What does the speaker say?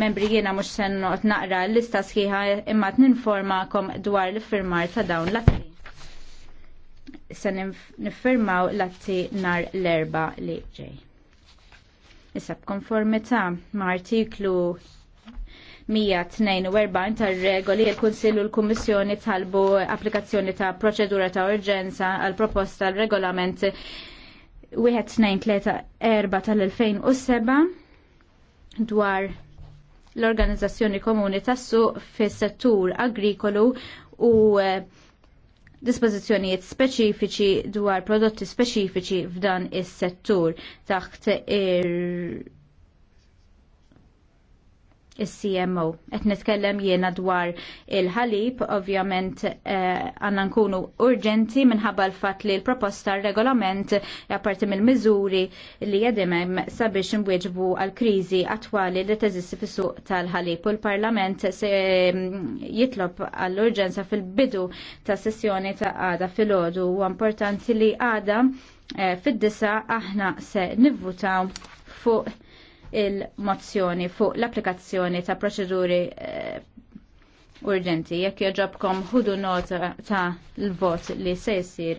membri jiena mhux se noqgħod naqra l-lista sħiħa imma ninformakom dwar l-firmar ta' dawn l-atti. Se niffirmaw l-atti nar l-erba li ġej. Issa b'konformità ma' artiklu 142 tar-regoli il-Kunsill u l-Kummissjoni talbu applikazzjoni ta' proċedura ta' urġenza għal proposta l regolament 1234 tal-2007 dwar l-Organizzazzjoni Komuni tassu fis-settur agrikolu u eh, dispożizzjonijiet speċifiċi dwar prodotti speċifiċi f'dan is-settur taħt ir il-CMO. Et nitkellem jiena dwar il-ħalib, ovvjament eh, għanna nkunu urġenti minħabba l-fat li l-proposta regolament japparti mill-miżuri li jedimem sabiex nwieġbu għal-krizi attwali li teżissi fis-suq tal-ħalib u l-Parlament se mm, jitlob għall-urġenza fil-bidu ta' sessjoni ta' għada fil-ħodu u importanti li għada eh, fid-disa aħna se nivvutaw fuq il-mozzjoni fuq l-applikazzjoni ta' proċeduri eh, urġenti. Jekk jogħġobkom ħudu nota ta' l-vot li se jsir